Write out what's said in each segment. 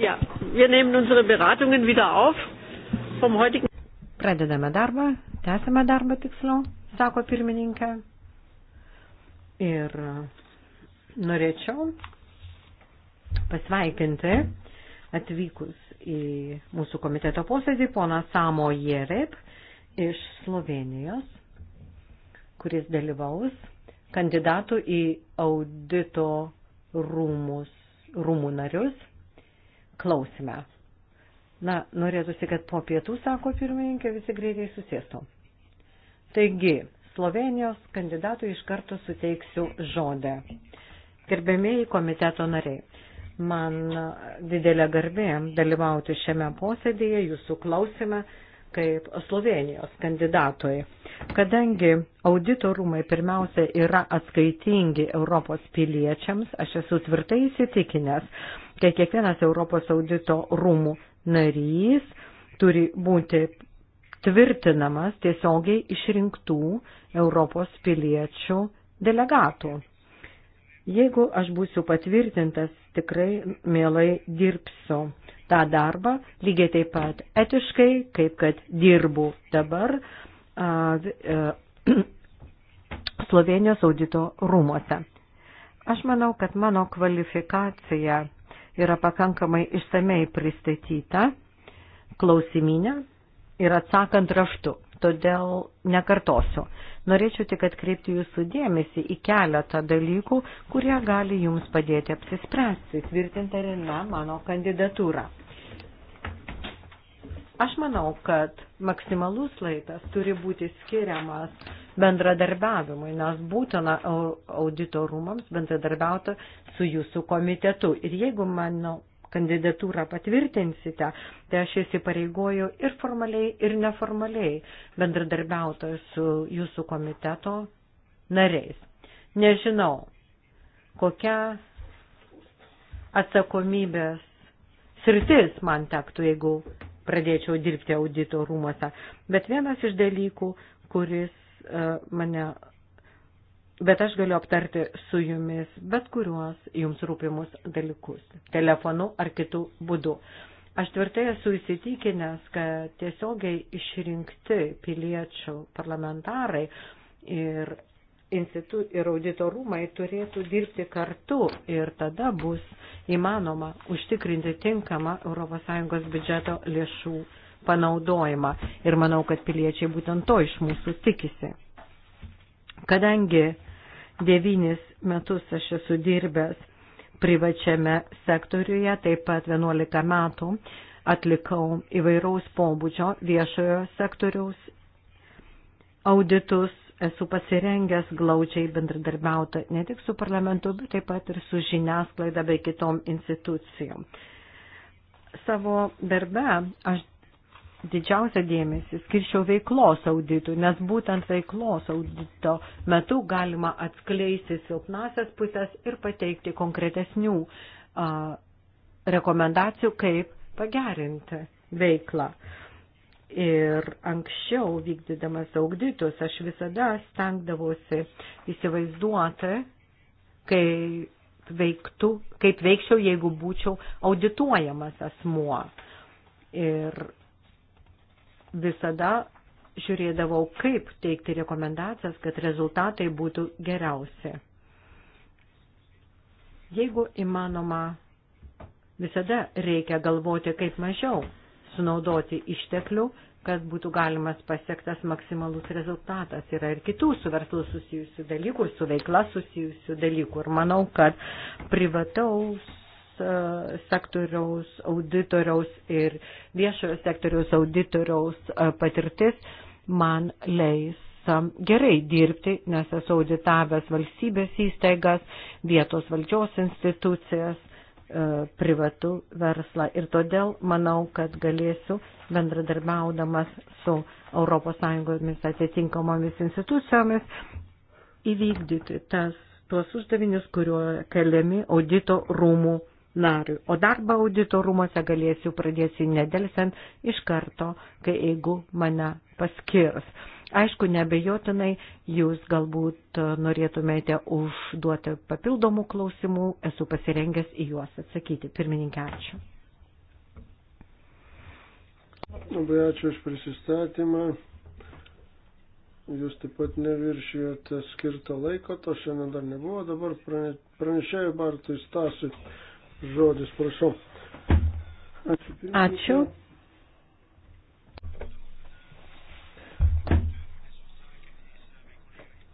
Ja, wir nehmen unsere Beratungen wieder auf vom heutigen. Pradedame darbą, tęsime darbą tiksliau, sako pirmininkė. Ir norėčiau pasveikinti atvykus į mūsų komiteto posėdį poną Samo Jereb iš Slovenijos, kuris dalyvaus kandidatų į audito rūmus, rūmų narius klausime. Na, norėtųsi, kad po pietų, sako pirmininkė, visi greitai susėstų. Taigi, Slovenijos kandidatui iš karto suteiksiu žodę. Gerbėmiai komiteto nariai, man didelė garbė dalyvauti šiame posėdėje, jūsų klausime kaip Slovenijos kandidatui. Kadangi auditorumai pirmiausia yra atskaitingi Europos piliečiams, aš esu tvirtai įsitikinęs, kad kiekvienas Europos audito rūmų narys turi būti tvirtinamas tiesiogiai išrinktų Europos piliečių delegatų. Jeigu aš būsiu patvirtintas, tikrai mielai dirbsiu tą darbą, lygiai taip pat etiškai, kaip kad dirbu dabar a, a, Slovenijos audito rūmose. Aš manau, kad mano kvalifikacija yra pakankamai išsamei pristatyta klausiminė ir atsakant raštu, todėl nekartosiu. Norėčiau tik atkreipti jūsų dėmesį į keletą dalykų, kurie gali jums padėti apsispręsti, tvirtinti ar ne mano kandidatūrą. Aš manau, kad maksimalus laikas turi būti skiriamas bendradarbiavimui, nes būtina auditorumams bendradarbiauti su jūsų komitetu. Ir jeigu mano kandidatūrą patvirtinsite, tai aš įsipareigoju ir formaliai, ir neformaliai bendradarbiauti su jūsų komiteto nariais. Nežinau, kokia atsakomybės sritis man tektų, jeigu pradėčiau dirbti audito rūmose. Bet vienas iš dalykų, kuris e, mane bet aš galiu aptarti su jumis bet kuriuos jums rūpimus dalykus, telefonu ar kitų būdų. Aš tvirtai esu įsitikinęs, kad tiesiogiai išrinkti piliečių parlamentarai ir, institu, ir auditorumai turėtų dirbti kartu ir tada bus įmanoma užtikrinti tinkamą ES biudžeto lėšų panaudojimą. Ir manau, kad piliečiai būtent to iš mūsų tikisi. Kadangi Devynis metus aš esu dirbęs privačiame sektoriuje, taip pat 11 metų atlikau įvairaus pobūdžio viešojo sektoriaus auditus, esu pasirengęs glaučiai bendradarbiauti ne tik su parlamentu, bet taip pat ir su žiniasklaida bei kitom institucijom. Savo darbe aš didžiausią dėmesį skirčiau veiklos auditui, nes būtent veiklos audito metu galima atskleisti silpnasias pusės ir pateikti konkretesnių a, rekomendacijų, kaip pagerinti veiklą. Ir anksčiau vykdydamas auditus aš visada stengdavosi įsivaizduoti, kai veiktų, kaip veikčiau, jeigu būčiau audituojamas asmuo. Ir visada žiūrėdavau, kaip teikti rekomendacijas, kad rezultatai būtų geriausi. Jeigu įmanoma, visada reikia galvoti, kaip mažiau sunaudoti išteklių, kad būtų galimas pasiektas maksimalus rezultatas. Yra ir kitų su verslu susijusių dalykų, su veikla susijusių dalykų. Ir manau, kad privataus E, sektoriaus auditoriaus ir viešojo sektoriaus auditoriaus e, patirtis man leis um, gerai dirbti, nes esu auditavęs valstybės įstaigas, vietos valdžios institucijas, e, privatų verslą. Ir todėl manau, kad galėsiu bendradarbiaudamas su ES atitinkamomis institucijomis įvykdyti tas, tuos uždavinius, kuriuo keliami audito rūmų nariui. O darbą audito rūmose galėsiu pradėsiu nedelsiant iš karto, kai jeigu mane paskirs. Aišku, nebejotinai jūs galbūt norėtumėte užduoti papildomų klausimų, esu pasirengęs į juos atsakyti. Pirmininkė, ačiū. Labai ačiū už prisistatymą. Jūs taip pat neviršijote skirto laiko, to šiandien dar nebuvo, dabar pranešėjai Bartui Stasui žodis, prašau. Ačiū. Ačiū.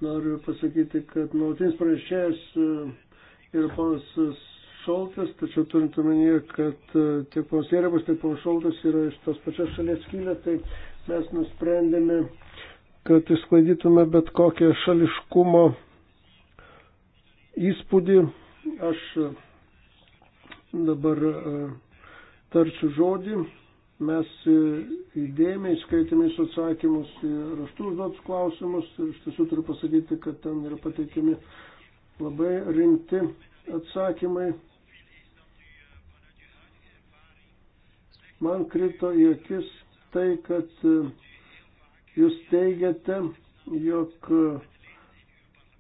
Noriu pasakyti, kad nuolatinis pranešėjas e, yra ponas Šoltas, tačiau turint omenyje, kad e, tiek ponas Jerebas, tiek ponas Šoltas yra iš tos pačios šalies kilę, tai mes nusprendėme, kad išsklaidytume bet kokią šališkumo įspūdį. Aš Dabar e, tarsiu žodį. Mes e, įdėmiai skaitėme jūsų atsakymus į raštų užduotus klausimus ir iš tiesų turiu pasakyti, kad ten yra pateikiami labai rimti atsakymai. Man krito į akis tai, kad e, jūs teigiate, jog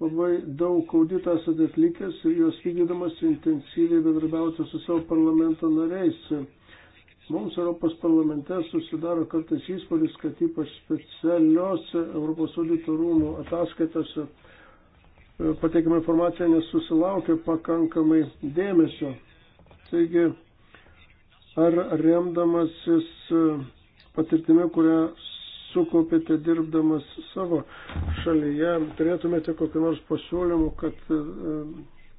labai daug auditų esate atlikęs ir juos vykdydamas intensyviai bendrabiauti su savo parlamento nariais. Mums Europos parlamente susidaro kartais įspūdis, kad ypač specialios Europos audito rūmų ataskaitose e, pateikima informacija nesusilaukia pakankamai dėmesio. Taigi, ar remdamasis e, patirtimi, kurią sukaupėte dirbdamas savo šalyje, turėtumėte kokiu nors pasiūlymu, kad e,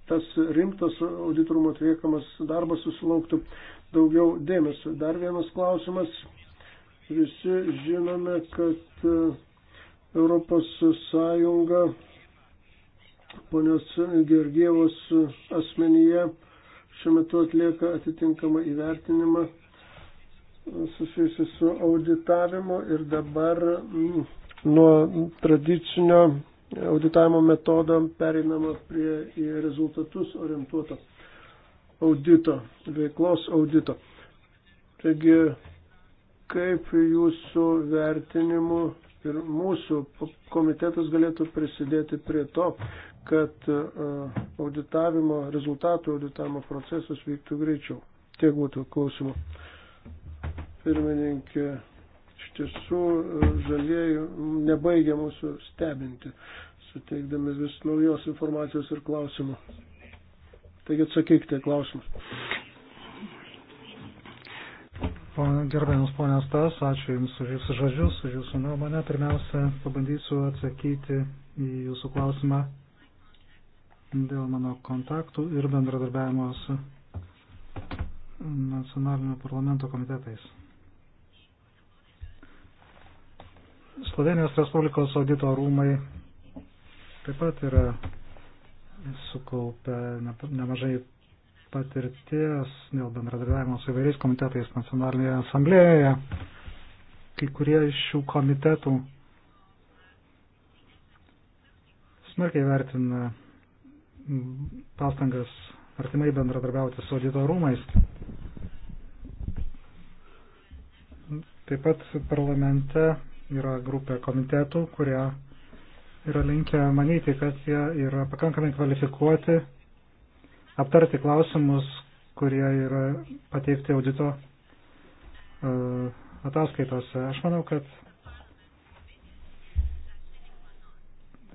tas rimtas auditorumo atliekamas darbas susilauktų daugiau dėmesio. Dar vienas klausimas. Visi žinome, kad e, Europos Sąjunga ponios Gergievos asmenyje šiuo metu atlieka atitinkamą įvertinimą susijusi su auditavimu ir dabar mm, nuo tradicinio auditavimo metodo pereinama prie į rezultatus orientuoto audito, veiklos audito. Taigi, kaip jūsų vertinimu ir mūsų komitetas galėtų prisidėti prie to, kad e, auditavimo, rezultatų auditavimo procesas vyktų greičiau. Tiek būtų klausimų pirmininkė. Iš tiesų, e, žalieji nebaigia mūsų stebinti, suteikdami vis naujos informacijos ir klausimų. Taigi atsakykite klausimus. Gerbiamas ponas Tas, ačiū Jums už Jūsų žodžius, už Jūsų nuomonę. Pirmiausia, pabandysiu atsakyti į Jūsų klausimą dėl mano kontaktų ir bendradarbiavimo su nacionalinio parlamento komitetais. Slovenijos Respublikos audito rūmai taip pat yra sukaupę nemažai patirties dėl bendradarbiavimo su įvairiais komitetais nacionalinėje asamblėje. Kai kurie iš šių komitetų smarkiai vertina pastangas artimai bendradarbiauti su audito rūmais. Taip pat parlamente yra grupė komitetų, kurie yra linkę manyti, kad jie yra pakankamai kvalifikuoti aptarti klausimus, kurie yra pateikti audito uh, ataskaitose. Aš manau, kad e,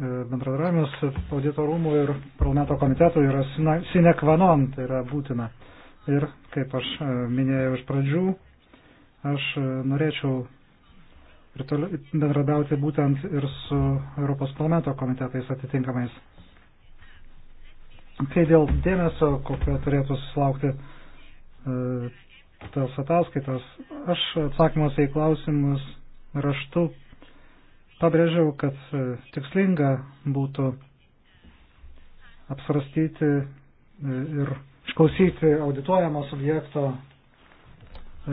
bendradarbiavimas audito rūmų ir parlamento komitetų yra sine qua non, tai yra būtina. Ir kaip aš e, minėjau iš pradžių, aš norėčiau ir toliau bendradauti būtent ir su Europos parlamento komitetais atitinkamais. Kai dėl dėmesio, kokio turėtų susilaukti e, tas ataskaitas, aš atsakymuose į klausimus raštu pabrėžiau, kad e, tikslinga būtų apsvarstyti e, ir išklausyti audituojamo subjekto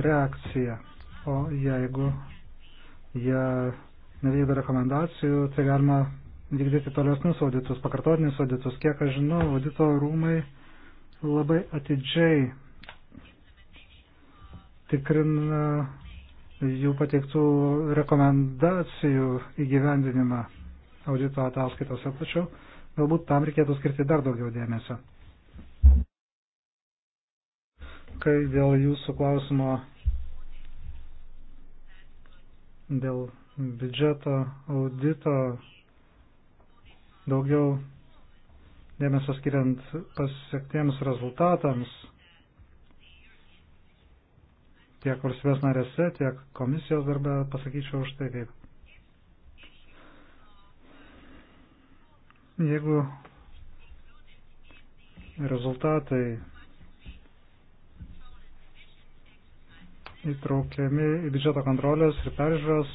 reakciją. O jeigu jie nevykdo rekomendacijų, tai galima vykdyti tolesnius auditus, pakartotinius auditus. Kiek aš žinau, audito rūmai labai atidžiai tikrina jų pateiktų rekomendacijų įgyvendinimą audito ataskaitose, tačiau galbūt tam reikėtų skirti dar daugiau dėmesio. Kai dėl jūsų klausimo dėl biudžeto audito daugiau dėmesio skiriant pasiektiems rezultatams tiek valstybės narėse, tiek komisijos darbę pasakyčiau už tai kaip. Jeigu rezultatai įtraukiami į biudžeto kontrolės ir peržiūros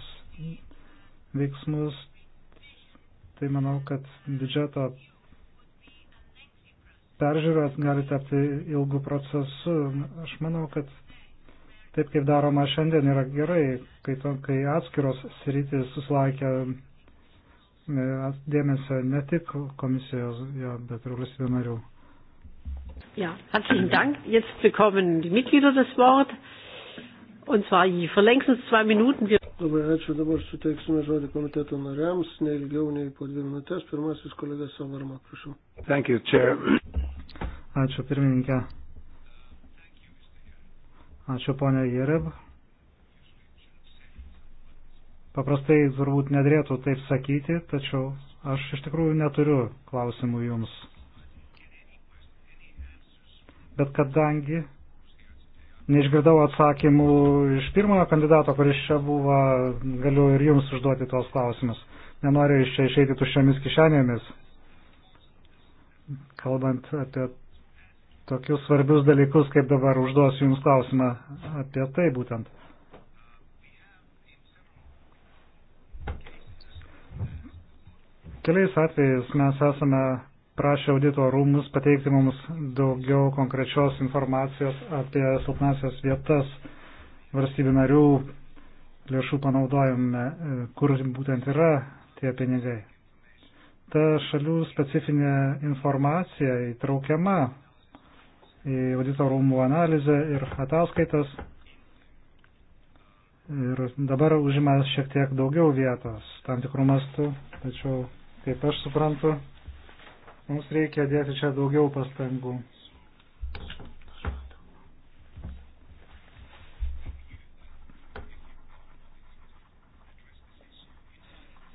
veiksmus, tai manau, kad biudžeto peržiūros gali tapti ilgų procesų. Aš manau, kad taip kaip daroma šiandien yra gerai, kai, to, kai atskiros sritis susilaikia e, dėmesio ne tik komisijos, ja, bet ir valstybių narių. Ja, herzlichen Dank. Jetzt bekommen die Mitglieder das Wort. Und zwar verlängstens zwei Minuten. Labai ačiū, dabar suteiksime žodį komiteto nariams, ne ilgiau nei po dvi minutės. Pirmasis kolega Savarma, prašau. Thank you, chair. Ačiū, pirmininkė. Ačiū, ponė Jereb. Paprastai turbūt nedrėtų taip sakyti, tačiau aš iš tikrųjų neturiu klausimų jums. Bet kadangi neišgirdau atsakymų iš pirmojo kandidato, kuris čia buvo, galiu ir jums užduoti tuos klausimus. Nenoriu iš čia išeiti tuščiomis kišenėmis, kalbant apie tokius svarbius dalykus, kaip dabar užduosiu jums klausimą apie tai būtent. Keliais atvejais mes esame prašė audito rūmus pateikti mums daugiau konkrečios informacijos apie silpnasias vietas valstybių narių lėšų panaudojime, e, kur būtent yra tie pinigai. Ta šalių specifinė informacija įtraukiama į audito rūmų analizę ir ataskaitas ir dabar užima šiek tiek daugiau vietos tam tikrų mastų, tačiau kaip aš suprantu, Mums reikia dėti čia daugiau pastangų.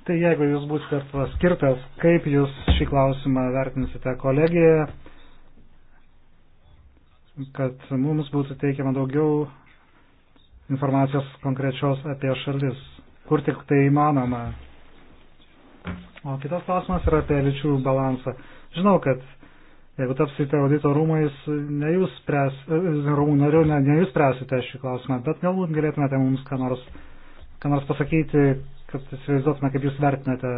Tai jeigu jūs būsite paskirtas, kaip jūs šį klausimą vertinsite kolegijoje, kad mums būtų teikiama daugiau informacijos konkrečios apie šalis, kur tik tai įmanoma. O kitas klausimas yra apie lyčių balansą. Žinau, kad jeigu tapsite audito rūmais, ne jūs, pres, e, rūmų nariu, ne, ne jūs presite šį klausimą, bet galbūt galėtumėte mums ką nors, ką nors pasakyti, kad įsivaizduotume, kaip jūs vertinate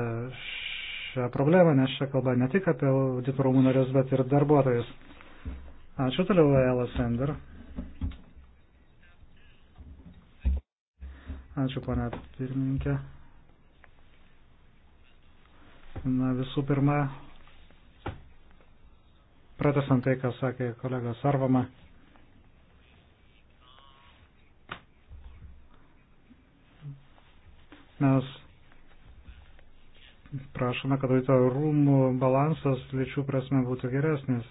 šią problemą, nes čia kalba ne tik apie audito rūmų narius, bet ir darbuotojus. Ačiū toliau, Ela Sender. Ačiū, pana pirmininkė. Na, visų pirma, Pratesant tai, ką sakė kolega Sarvama. Mes prašome, kad audito rūmų balansas lyčių prasme būtų geresnis.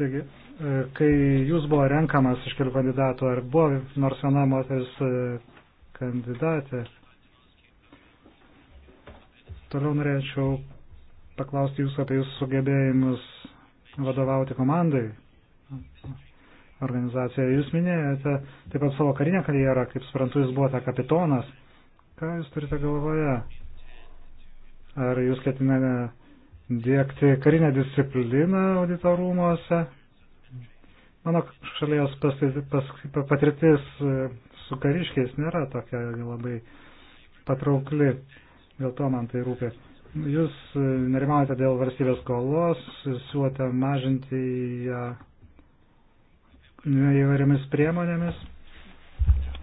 Taigi, e, kai jūs buvo renkamas iš kelių kandidatų, ar buvo nors viena moteris e, kandidatė? Toliau norėčiau paklausti jūsų apie jūsų sugebėjimus vadovauti komandai organizacijoje. Jūs minėjote taip pat savo karinę karjerą, kaip suprantu, jūs buvote kapitonas. Ką jūs turite galvoje? Ar jūs ketinate dėkti karinę discipliną auditorumuose? Mano šalies pas, pas, patirtis su kariškiais nėra tokia labai patraukli. Dėl to man tai rūpi. Jūs e, nerimaujate dėl valstybės skolos, siūlote mažinti ją įvairiamis priemonėmis,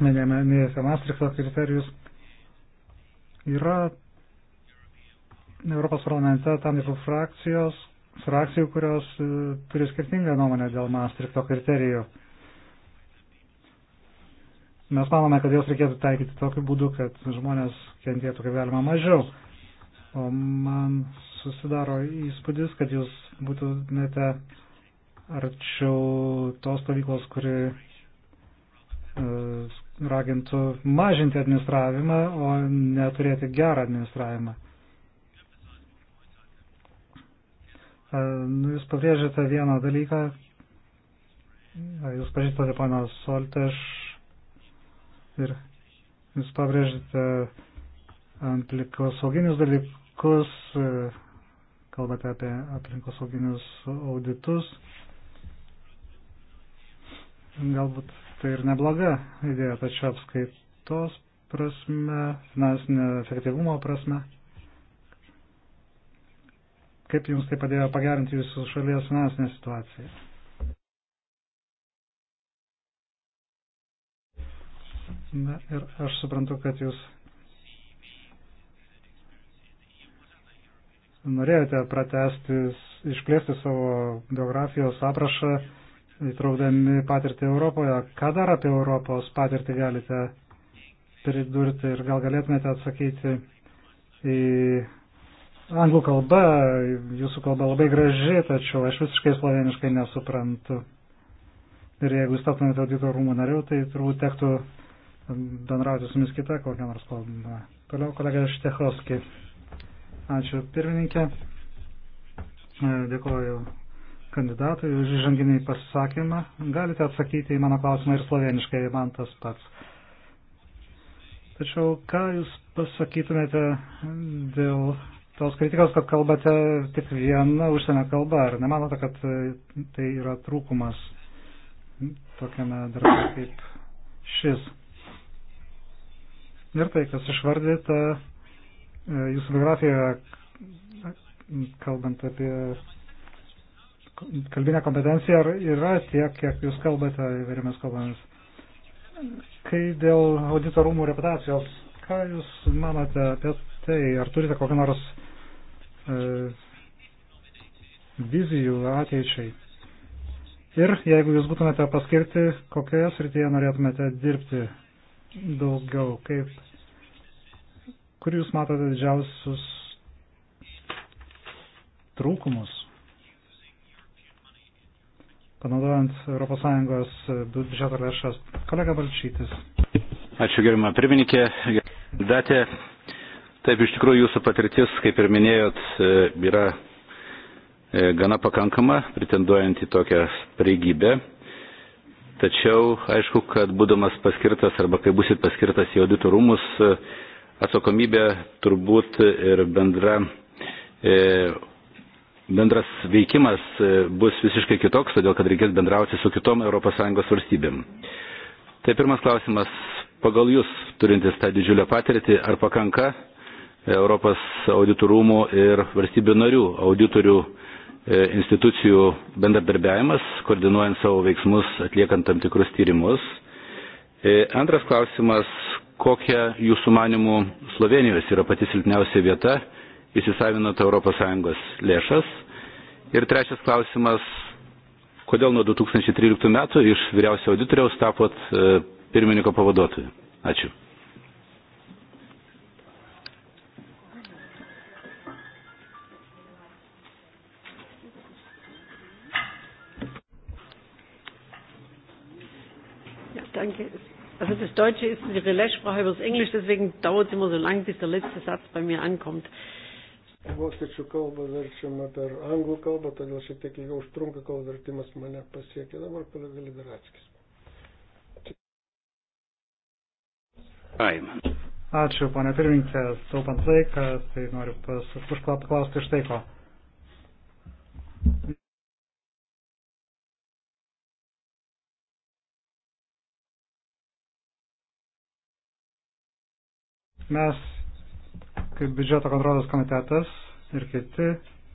minėjote Maastrichto kriterijus. Yra Europos parlamente tam tikrų frakcijos, frakcijų, kurios e, turi skirtingą nuomonę dėl Maastrichto kriterijų. Mes manome, kad jos reikėtų taikyti tokiu būdu, kad žmonės kentėtų kaip galima mažiau. O man susidaro įspūdis, kad jūs būtumėte arčiau tos stovyklos, kuri uh, ragintų mažinti administravimą, o neturėti gerą administravimą. Uh, jūs pabrėžėte vieną dalyką, e, jūs pažįstate pana Solteš ir jūs pabrėžite aplinkosauginius dalykus, e, kalbate apie aplinkosauginius auditus. Galbūt tai ir nebloga idėja, tačiau apskaitos prasme, finansinio efektyvumo prasme. Kaip jums tai padėjo pagerinti jūsų šalies finansinę situaciją? Na ir aš suprantu, kad jūs norėjote pratesti, išplėsti savo biografijos aprašą, įtraukdami patirtį Europoje. Ką dar apie Europos patirtį galite pridurti ir gal galėtumėte atsakyti į anglų kalbą, jūsų kalba labai graži, tačiau aš visiškai sloveniškai nesuprantu. Ir jeigu jūs taptumėte audito rūmų nariu, tai turbūt tektų bendrauti su jumis kitą kokią nors kalbą. Toliau kolega Štechovski. Ačiū pirmininkė. E, Dėkuoju kandidatui už įžanginį pasisakymą. Galite atsakyti į mano klausimą ir sloveniškai, man tas pats. Tačiau ką Jūs pasakytumėte dėl tos kritikos, kad kalbate tik vieną užsienio kalbą, ar nemanote, kad tai yra trūkumas tokiame darbe kaip šis? Ir tai, kas išvardyta e, jūsų biografijoje, kalbant apie kalbinę kompetenciją, yra tiek, kiek jūs kalbate įvairiomis kalbomis. Kai dėl auditorumų reputacijos, ką jūs manote apie tai? Ar turite kokią nors e, vizijų ateičiai? Ir jeigu jūs būtumėte paskirti, kokioje srityje norėtumėte dirbti daugiau, kaip, kur jūs matote didžiausius trūkumus, panaudojant ES biudžeto lėšas. Kolega Balčytis. Ačiū gerimą pirmininkė. Datė, taip iš tikrųjų jūsų patirtis, kaip ir minėjot, e, yra e, gana pakankama, pretenduojant į tokią pareigybę. Tačiau, aišku, kad būdamas paskirtas arba kai busit paskirtas į auditų rūmus, atsakomybė turbūt ir bendra, e, bendras veikimas e, bus visiškai kitoks, todėl kad reikės bendrauti su kitom ES valstybėm. Tai pirmas klausimas, pagal Jūs turintis tą didžiulę patirtį, ar pakanka Europos auditų rūmų ir valstybių narių auditorių E, institucijų bendradarbiavimas, koordinuojant savo veiksmus, atliekant tam tikrus tyrimus. E, antras klausimas, kokia jūsų manimų Slovenijos yra pati silpniausia vieta, įsisavinant ES lėšas. Ir trečias klausimas, kodėl nuo 2013 metų iš vyriausio auditoriaus tapot e, pirmininko pavaduotojų. Ačiū. danke. Also das Deutsche ist die Relaissprache über das Englisch, deswegen dauert es immer so lang, bis der letzte Satz bei mir ankommt. Vokiečių kalba verčiama per anglų kalbą, todėl šiek tiek ilgiau užtrunka, kol vertimas mane pasiekė. Dabar kolega Liberatskis. Ačiū, ponė pirmininkė, taupant laiką, tai noriu paklausti iš tai ko. Mes, kaip biudžeto kontrolės komitetas ir kiti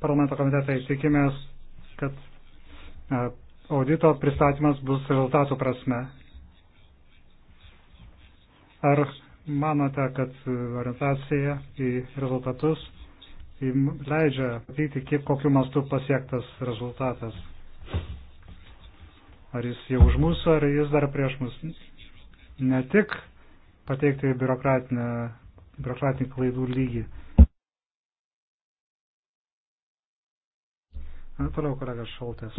parlamento komitetai, tikimės, kad e, audito pristatymas bus rezultatų prasme. Ar manote, kad orientacija į rezultatus leidžia matyti, kiek kokiu mastu pasiektas rezultatas? Ar jis jau už mūsų, ar jis dar prieš mus? Ne tik pateikti biurokratinę biurokratinių klaidų lygį. Na, toliau kolega Šaltės.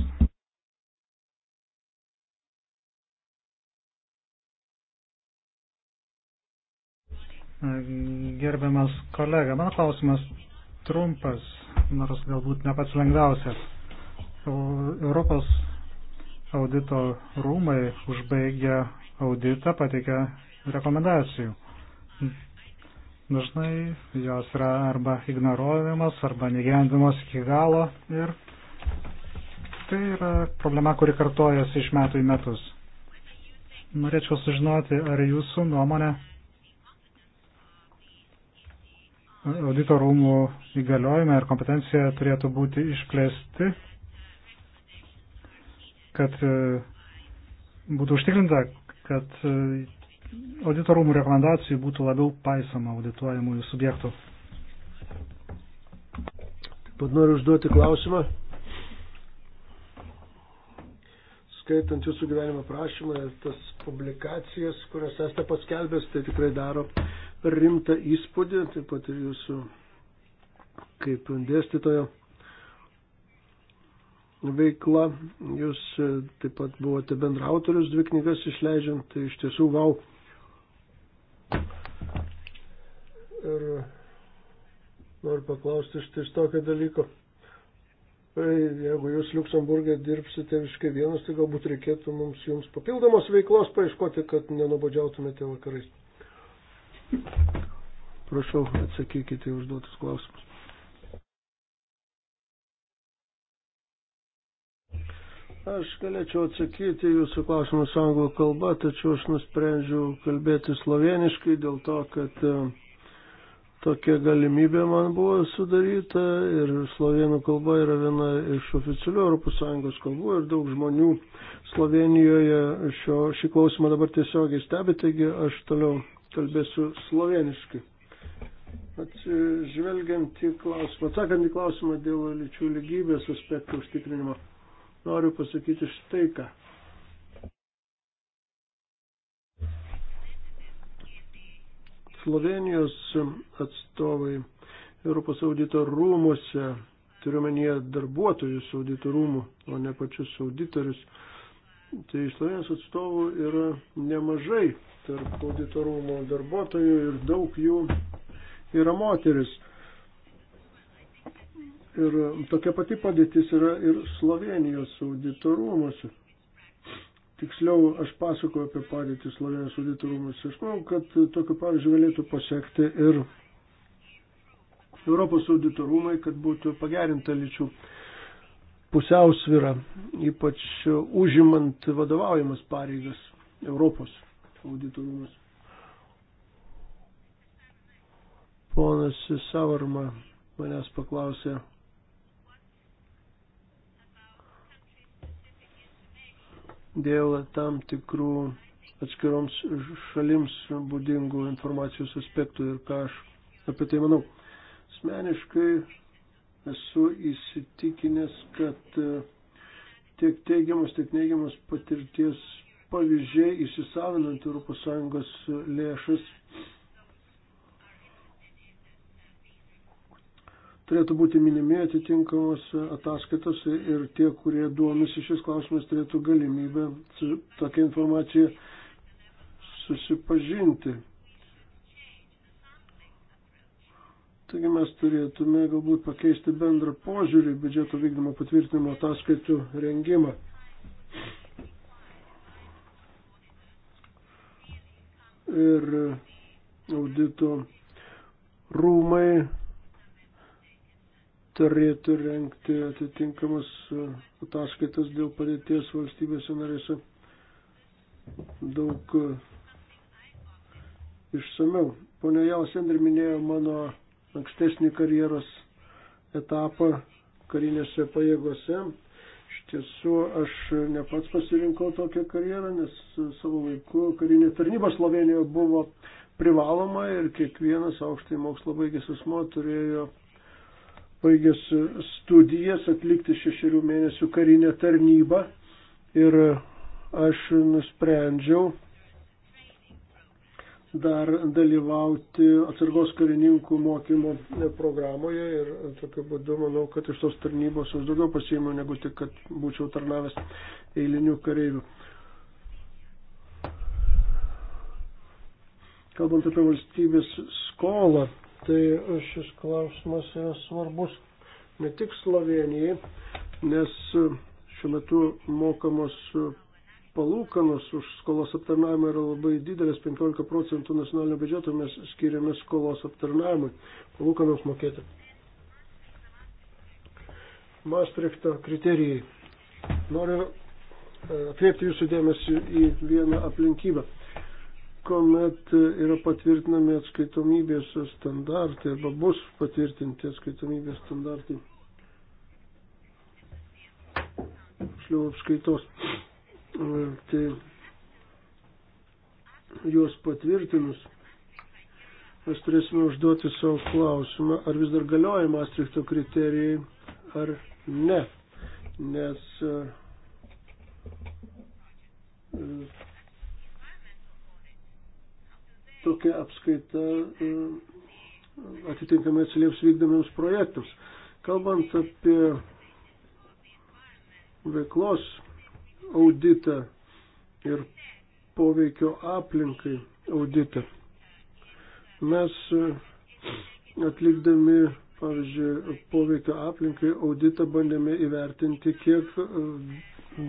Gerbiamas kolega, mano klausimas trumpas, nors galbūt ne pats lengviausias. Europos audito rūmai užbaigė auditą, pateikė rekomendacijų. Dažnai jos yra arba ignoruojamos, arba negyvendamos iki galo ir tai yra problema, kuri kartojasi iš metų į metus. Norėčiau sužinoti, ar jūsų nuomonė audito rūmų įgaliojimai ir kompetencija turėtų būti išplėsti, kad e, būtų užtikrinta, kad e, auditorumų rekomendacijų būtų labiau paisama audituojamųjų subjektų. Taip pat noriu užduoti klausimą. Skaitant jūsų gyvenimo prašymą ir tas publikacijas, kurias esate paskelbęs, tai tikrai daro rimtą įspūdį, taip pat ir jūsų kaip dėstytojo veikla. Jūs taip pat buvote bendrautorius dvi knygas išleidžiant, tai iš tiesų vau. Wow, Ir noriu paklausti iš tai tokio dalyko. Tai jeigu jūs Luksemburgė dirbsite visiškai vienas, tai galbūt reikėtų mums jums papildomos veiklos paieškoti, kad nenubodžiautumėte vakarais. Prašau, atsakykite užduotus klausimus. Aš galėčiau atsakyti jūsų klausimus anglų kalba, tačiau aš nusprendžiau kalbėti sloveniškai dėl to, kad e, tokia galimybė man buvo sudaryta ir slovenų kalba yra viena iš oficialių ES kalbų ir daug žmonių Slovenijoje šio, šį klausimą dabar tiesiogiai stebi, taigi aš toliau kalbėsiu sloveniškai. Atsižvelgiant į klausimą, atsakant į klausimą dėl lyčių lygybės aspektų užtikrinimo noriu pasakyti štai ką. Slovenijos atstovai Europos audito rūmose, turiuomenyje darbuotojus audito rūmų, o ne pačius auditorius, tai Slovenijos atstovų yra nemažai tarp audito rūmų darbuotojų ir daug jų yra moteris. Ir um, tokia pati padėtis yra ir Slovenijos auditorumuose. Tiksliau, aš pasakoju apie padėtį Slovenijos auditorumuose. Aš manau, kad tokiu pavyzdžiu galėtų pasiekti ir Europos auditorumai, kad būtų pagerinta lyčių pusiausvyrą, ypač užimant vadovaujamas pareigas Europos auditorumas. Ponas Savarma manęs paklausė, dėl tam tikrų atskiroms šalims būdingų informacijos aspektų ir ką aš apie tai manau. Asmeniškai esu įsitikinęs, kad e, tiek teigiamas, tiek neigiamas patirties pavyzdžiai įsisavinant ES lėšas turėtų būti minimi atitinkamos ataskaitos ir tie, kurie duomisi šis klausimas, turėtų galimybę su tokia informacija susipažinti. Taigi mes turėtume galbūt pakeisti bendrą požiūrį biudžeto vykdymo patvirtinimo ataskaitų rengimą. Ir audito rūmai turėtų renkti atitinkamas e, ataskaitas dėl padėties valstybėse narėse daug e, išsameu. Pone Jausendri minėjo mano ankstesnį karjeros etapą karinėse pajėgose. Iš tiesų, aš ne pats pasirinkau tokią karjerą, nes e, savo laiku karinė tarnyba Slovenijoje buvo privaloma ir kiekvienas aukštai mokslo baigęs asmo turėjo baigęs studijas atlikti šešerių mėnesių karinę tarnybą ir aš nusprendžiau dar dalyvauti atsargos karininkų mokymo programoje ir tokiu būdu manau, kad iš tos tarnybos aš daugiau pasiėmiau negu tik, kad būčiau tarnavęs eilinių kareivių. Kalbant apie valstybės skolą, tai šis klausimas yra svarbus ne tik Slovenijai, nes šiuo metu mokamos palūkanos už skolos aptarnavimą yra labai didelės, 15 procentų nacionalinio biudžeto mes skiriame skolos aptarnavimui, palūkanoms mokėti. Maastrichto kriterijai. Noriu e, atkreipti jūsų dėmesį į vieną aplinkybę kuomet yra patvirtinami atskaitomybės standartai arba bus patvirtinti atskaitomybės standartai. Šliau apskaitos. Tai juos patvirtinus mes turėsime užduoti savo klausimą, ar vis dar galioja Maastrichto kriterijai ar ne. Nes tokia apskaita e, atitinkamai atsilieps vykdomiams projektams. Kalbant apie veiklos auditą ir poveikio aplinkai auditą, mes e, atlikdami, pavyzdžiui, poveikio aplinkai auditą bandėme įvertinti, kiek e,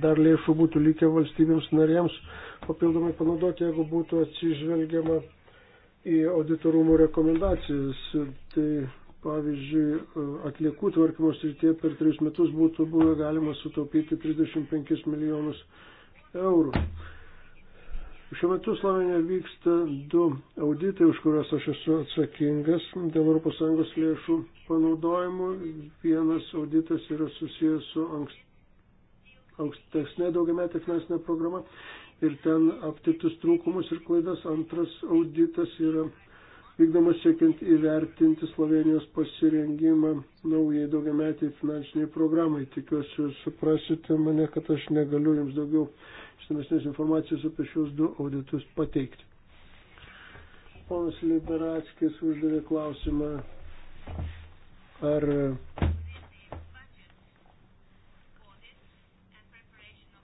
dar lėšų būtų likę valstybėms narėms papildomai panaudoti, jeigu būtų atsižvelgiama į auditorumų rekomendacijas. Tai pavyzdžiui, atliekų tvarkymo srityje per tris metus būtų buvę galima sutaupyti 35 milijonus eurų. Šiuo metu Slovenijoje vyksta du auditai, už kuriuos aš esu atsakingas dėl ES lėšų panaudojimo. Vienas auditas yra susijęs su ankstesnė daugiametė finansinė programa ir ten aptiktus trūkumus ir klaidas. Antras auditas yra vykdomas siekiant įvertinti Slovenijos pasirengimą naujai daugiametiai finansiniai programai. Tikiuosi, suprasite mane, kad aš negaliu jums daugiau išsamesnės informacijos apie šios du auditus pateikti. Ponas Liberatskis uždavė klausimą, ar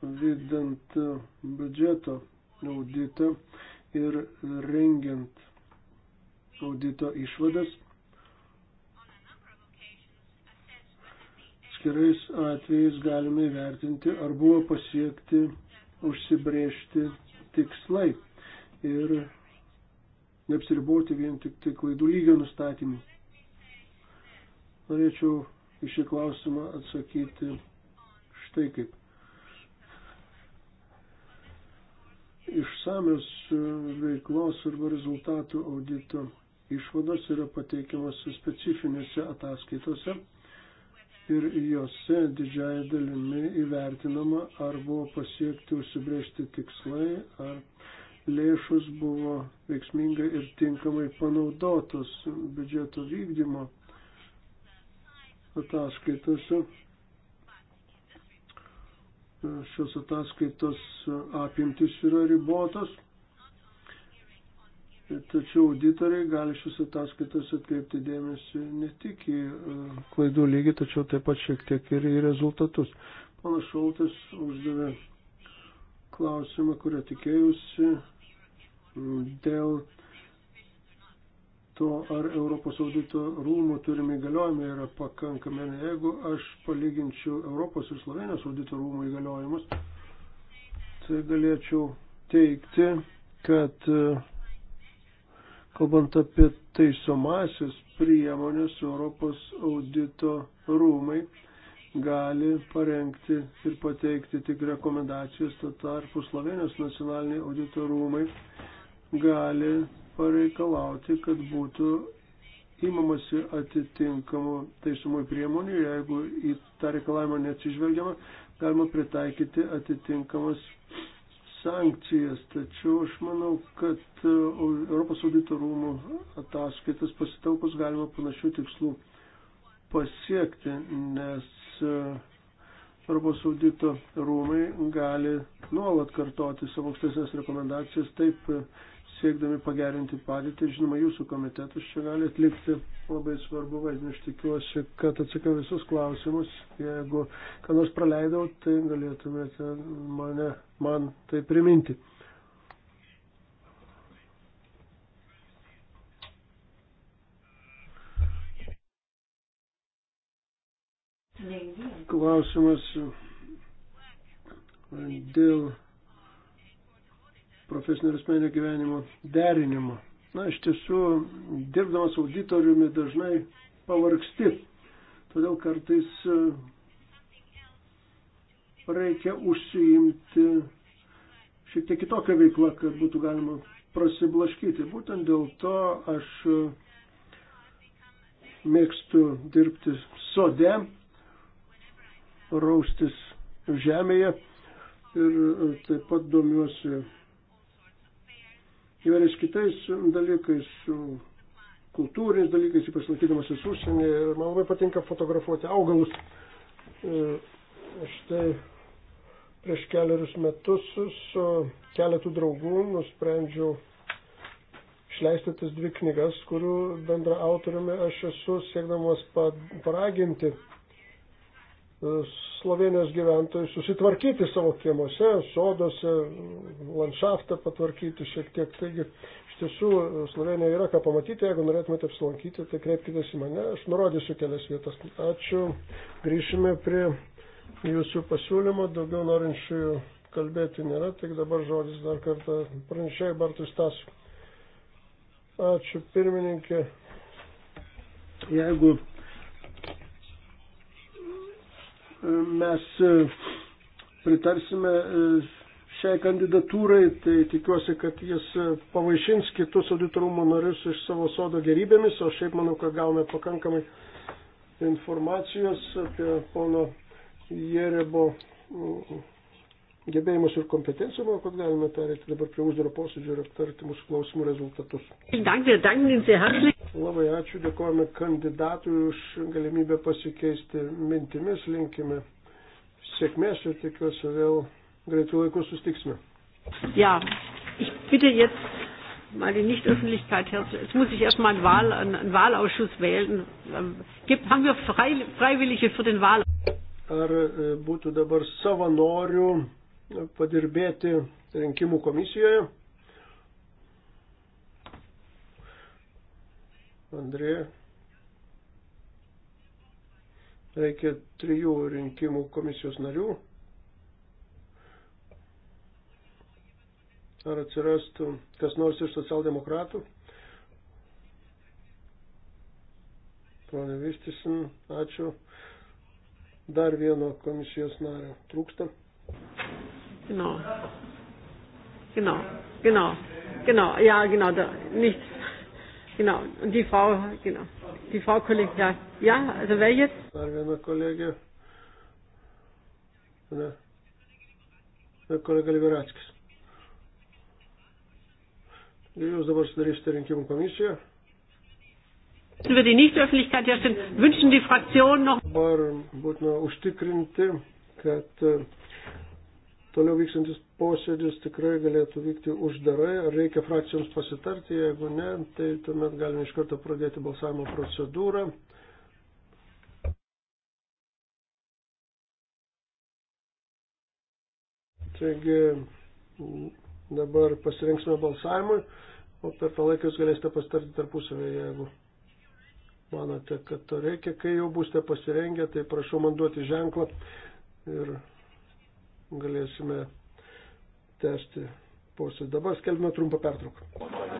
vykdant biudžeto auditą ir rengiant audito išvadas. Skirais atvejais galime įvertinti, ar buvo pasiekti užsibriežti tikslai ir neapsiriboti vien tik tai klaidų lygio nustatymų. Norėčiau iš šį klausimą atsakyti štai kaip. išsamios e, veiklos arba rezultatų audito išvados yra pateikiamas specifinėse ataskaitose ir jose didžiaja dalimi įvertinama, ar buvo pasiekti užsibriežti tikslai, ar lėšus buvo veiksmingai ir tinkamai panaudotos biudžeto vykdymo ataskaitose šios ataskaitos apimtis yra ribotos, tačiau auditoriai gali šios ataskaitos atkreipti dėmesį ne tik į e, klaidų lygį, tačiau taip pat šiek tiek ir į rezultatus. Panas Šoltas uždavė klausimą, kurio tikėjusi dėl to, ar Europos audito rūmų turimi įgaliojimai yra pakankami. Jeigu aš palyginčiau Europos ir Slovenijos audito rūmų įgaliojimus, tai galėčiau teikti, kad e, kalbant apie taisomasis priemonės, Europos audito rūmai gali parengti ir pateikti tik rekomendacijas, tad tarpu Slovenijos nacionaliniai audito rūmai gali pareikalauti, kad būtų įmamasi atitinkamų taisomųjų priemonių, jeigu į tą reikalavimą neatsižvelgiama, galima pritaikyti atitinkamas sankcijas. Tačiau aš manau, kad uh, Europos audito rūmų ataskaitas pasitaukus galima panašių tikslų pasiekti, nes uh, Europos audito rūmai gali nuolat kartoti savo aukštesnės rekomendacijas, taip siekdami pagerinti padėtį. Žinoma, jūsų komitetas čia gali atlikti labai svarbu vaidmenį. Aš tikiuosi, kad atsakiau visus klausimus. Jeigu ką nors praleidau, tai galėtumėte mane, man tai priminti. Klausimas dėl profesinio ir asmenio gyvenimo derinimo. Na, iš tiesų, dirbdamas auditoriumi dažnai pavargsti, todėl kartais e, reikia užsiimti šiek tiek kitokią veiklą, kad būtų galima prasiblaškyti. Būtent dėl to aš e, mėgstu dirbti sode, raustis žemėje ir e, taip pat domiuosi įvairiais kitais dalykais, kultūriniais dalykais, ypač laikydamasis užsienyje. Ir man labai patinka fotografuoti augalus. E, Štai prieš keliarius metus su keletu draugų nusprendžiau išleisti tas dvi knygas, kurių bendra autoriumi aš esu siekdamas paraginti Slovenijos gyventojai susitvarkyti savo kiemuose, sodose, landšaftą patvarkyti šiek tiek. Taigi, iš tiesų, Slovenijoje yra ką pamatyti, jeigu norėtumėte apsilankyti, tai kreipkitės į mane, aš nurodysiu kelias vietas. Ačiū, grįšime prie jūsų pasiūlymo, daugiau norinčiųjų kalbėti nėra, tik dabar žodis dar kartą pranešėjai Bartui Stasu. Ačiū, pirmininkė. Jeigu mes e, pritarsime e, šiai kandidatūrai, tai tikiuosi, kad jis e, pavaišins kitus auditorumo narius iš savo sodo gerybėmis, o šiaip manau, kad gavome pakankamai informacijos apie pono Jerebo gebėjimus ir kompetenciją, manau, kad galime perėti dabar prie uždaro posėdžio ir aptarti mūsų klausimų rezultatus. Labai ačiū, dėkojame kandidatui už galimybę pasikeisti mintimis, linkime sėkmės ir tikiuosi vėl greitų laikų sustiksime. Ja, ich bitte jetzt mal die Nichtöffentlichkeit herzustellen. Jetzt muss ich erstmal einen, Wahl, einen Wahlausschuss wählen. Ähm, gibt, haben wir frei, Freiwillige für den Wahlausschuss? Ar äh, būtų dabar savanorių padirbėti rinkimų komisijoje. Andrė, reikia trijų rinkimų komisijos narių. Ar atsirastų kas nors iš socialdemokratų? Pone Vistisin, ačiū. Dar vieno komisijos nario trūksta. Genau. Genau. Genau. Genau. Ja, genau. Da, nichts. Genau. Und die Frau, genau. Die Frau Kollegin, ja. Ja, also wer jetzt? War eine Kollege. Ne. Ne, kolega Liberackis. Jūs dabar sudarysite rinkimų komisiją. Müssen wir die Nichtöffentlichkeit herstellen, wünschen die Fraktionen noch. Dabar būtina užtikrinti, kad toliau vykstantis posėdis tikrai galėtų vykti uždarai. Ar reikia frakcijoms pasitarti? Jeigu ne, tai tuomet galime iš karto pradėti balsavimo procedūrą. Taigi dabar pasirinksime balsavimui, o per tą laiką jūs galėsite pasitarti tarpusavėje, jeigu manote, kad to reikia. Kai jau būsite pasirengę, tai prašau man duoti ženklą ir galėsime tęsti posėdį. Dabar skelbime trumpą pertrauką.